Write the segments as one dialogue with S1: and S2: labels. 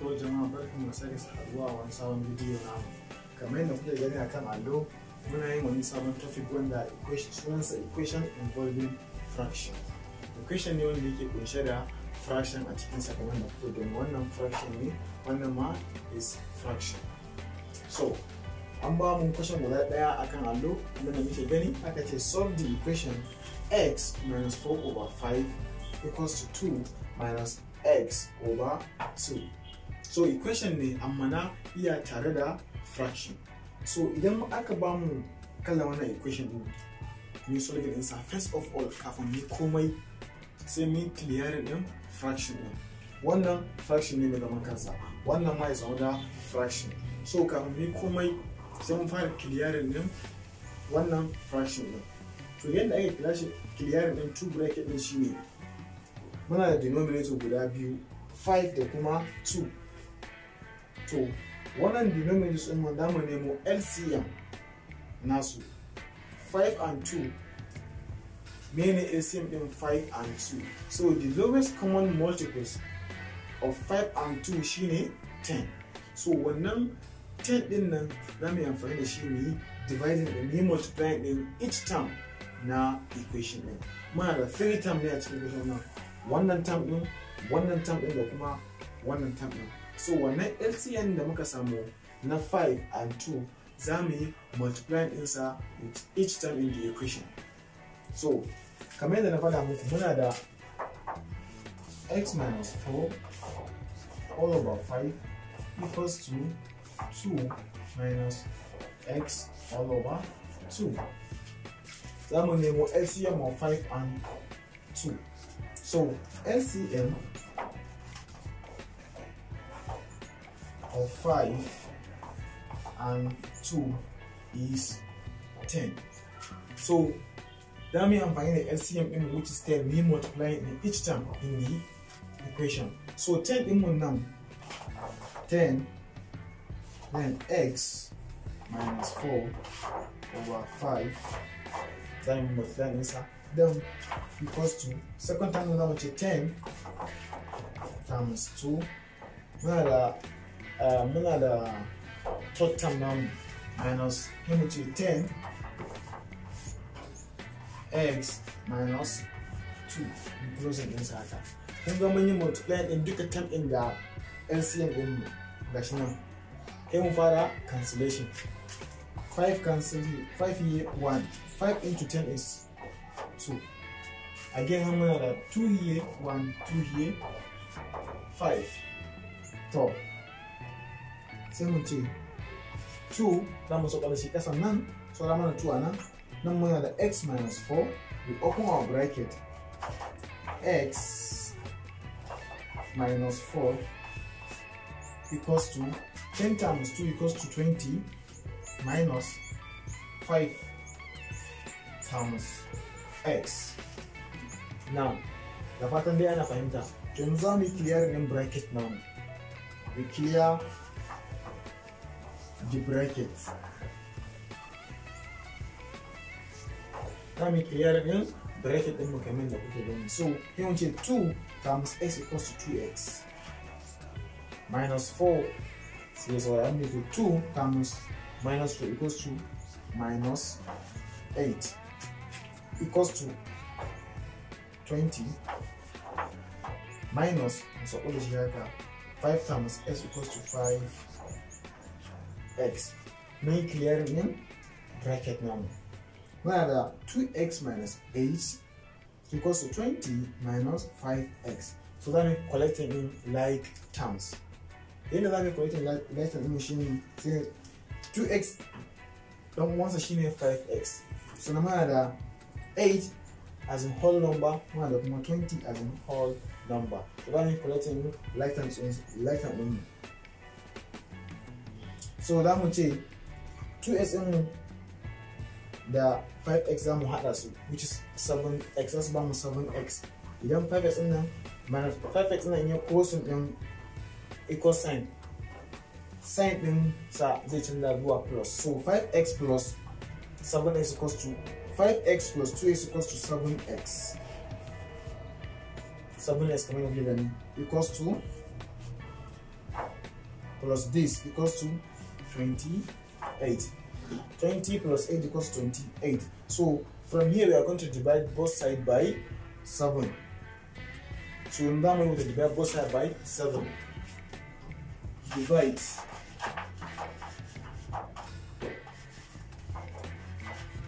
S1: To jama'a barkan mu sake saduwa wani sabon bidiyo na mu. kamar yadda kuke gani a kan allo muna yin wani sabon topic wanda sunansa equation involving fraction. Equation ne wanda yake kunshe da fraction a cikin kamar da kuke gani wannan fraction ne wannan ma is fraction. So an ba mu question guda daya a kan allo wanda muke gani aka ce solve the equation x minus 4 over 5 equals to 2 minus x over 2. so equation ne amma na iya tare da fraction so idan aka ba mu kallon wannan equation din mun solve din sa first of all kafin mu komai sai mun clear din fraction din wannan fraction ne daga zaman sa wannan ma ya zama da fraction so kafin mu komai sai mun fara clear din wannan fraction din to yadda ake clear din two bracket din shine muna da denominator guda biyu 5 da kuma 2 to wannan denominators din wanda mu nemo LCM nasu 5 and 2 mene LCM din 5 and 2 so the lowest common multiples of 5 and 2 shine 10 so wannan 10 din nan za mu yi amfani da shi ne dividing the mu yi multiplying din each term na equation din muna da 3 term ne a cikin equation wannan term din wannan term din da kuma wannan term din so when lcn da muka samu na 5 and 2 za multiply yi with each term in the equation so kamar yadda na faɗa muku muna da x minus 4 all over 5 equals to 2 minus x all over 2 za mu nemo lcm of 5 and 2 so lcm of 5 and 2 is 10. So that means I'm finding the LCM which is 10, we multiplying each term in the equation. So 10 in now 10 then x minus 4 over 5 then multiply answer uh, then equals to second time now which is 10 times 2 well Uh, muna da total nan minus energy 10 x minus 2 inclusion din sata kun ga mun yi multiply din duka term din da LCM din mu gashi nan kai mun fara cancellation 5 cancel 5 year 1 5 into 10 is 2 again har muna da 2 here 1 2 here 5 top sai mu ce 2 za mu sauka da shi kasan nan saura mana 2 a nan nan muna da x minus 4 we open our bracket x minus 4 equals to 10 times 2 equals to 20 minus 5 times x now da fatan dai ana fahimta yanzu za mu yi in bracket now we clear the eh? bracket. Kami kiyar din bracket din we kamar da kuke gani. So, we have 2 times x equals to 2x. Minus 4 So, sai sauran da 2 times minus 4 equals to minus 8 equals to 20 minus so all is here 5 times x equals to 5 x. Make clear in bracket number. Where 2x minus 8 equals to 20 minus 5x. So that means collecting in like terms. Yadda za ka collecting like, like terms machine say 2x Don't want to machine 5x. So na mana da 8 as a whole number, muna da kuma 20 as a whole number. So that means collecting like terms like terms only. so za mu ce 2 x ɗin da 5x za mu haɗa su which is 7x za su ba mu 7x idan 5x in nan minus 5x nan ya kosin ɗin equal sign sign ɗin sa zai canza zuwa plus so 5x plus 7x equals to 5x plus 2x equals to 7x 7x kamar yadda gani equals to plus this equals to 28. 20 plus 8 equals 28. So from here we are going to divide both sides by 7. So way, we will divide both sides by 7. Divide.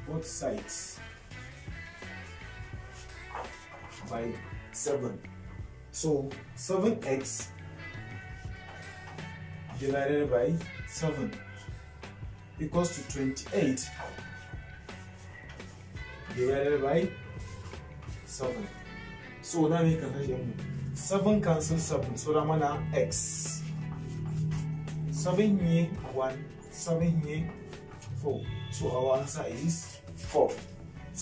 S1: Both sides by 7. So 7x divided by 7 equals to 28 divided by 7 so now we can kashe 7 cancel 7 so da mana x 7 here 1 7 here 4 so our answer is 4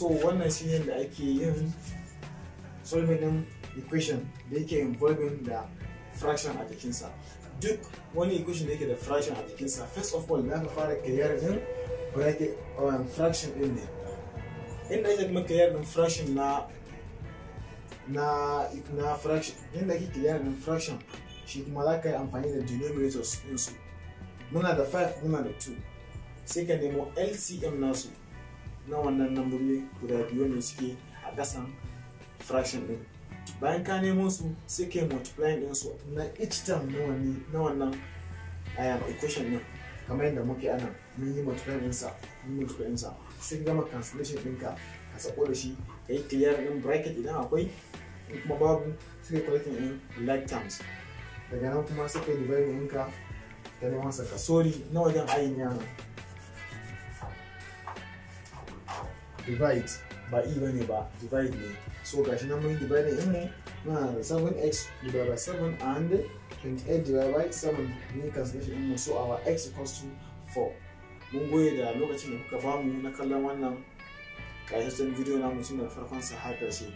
S1: so when I see the IKM yin solving equation da yake involving the fraction at the jikinsa duk wani equation da yake da fraction a jikinsa first of all za ka fara kayar din bracket um, fraction din ne inda ake kuma kayar din fraction na na na fraction inda ake kayar din fraction shi kuma za ka yi amfani da denominators din su muna da 5 muna da 2 sai ka nemo LCM nasu na wannan nambobi guda biyu ne suke a kasan fraction din bayan ka nemo su sai ka yi multiplying din su na each term na wannan um, equation din kamar yadda muke ana mun yi multiplying din sa mun multiplying sa sai ka gama cancellation ɗinka ka sako da shi ka yi clear din bracket idan akwai in kuma babu sai ka collecting din like terms daga nan kuma sai ka yi dividing ɗinka ta neman sa ka sorry na wajen ayin yana divide ba e bane ba divide ne so gashi nan mun divide din ne? muna da 7x divided by 7 and 28 divided by 7 ne cancellation din mu so our x equals to 4 mun goye da lokacin da kuka bamu na kallon wannan ƙarshen bidiyo na mutum da farkon sa har ƙarshe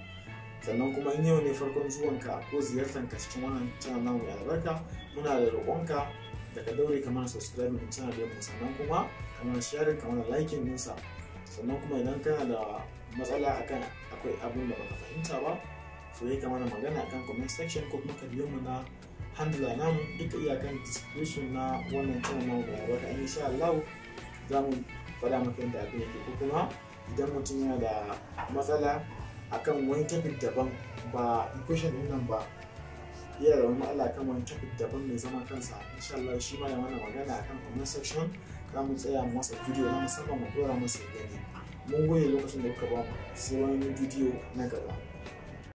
S1: sannan kuma in yau ne farkon zuwanka ko ziyartanka cikin wannan channel namu mai albarka muna da roƙonka da ka daure kamar subscribe din channel din mu sannan kuma kamar sharing kamar liking din sa sannan kuma idan kana da matsala akan akwai abin da baka fahimta ba so yi kamar magana akan comment section ko kuma ka biyo mu na handler namu duka iyakan description na wannan channel namu da yawa da insha Allah za mu faɗa maka yadda abin yake ko kuma idan mutum yana da matsala akan wani tafi daban ba equation din nan ba yana da wani matsala kan wani tafi daban mai zama kansa insha Allah shi ma ya mana magana akan comment section za mu tsaya masa video na musamman mu dora masa gani mun goye lokacin da kuka ba mu sai wani bidiyo na gaba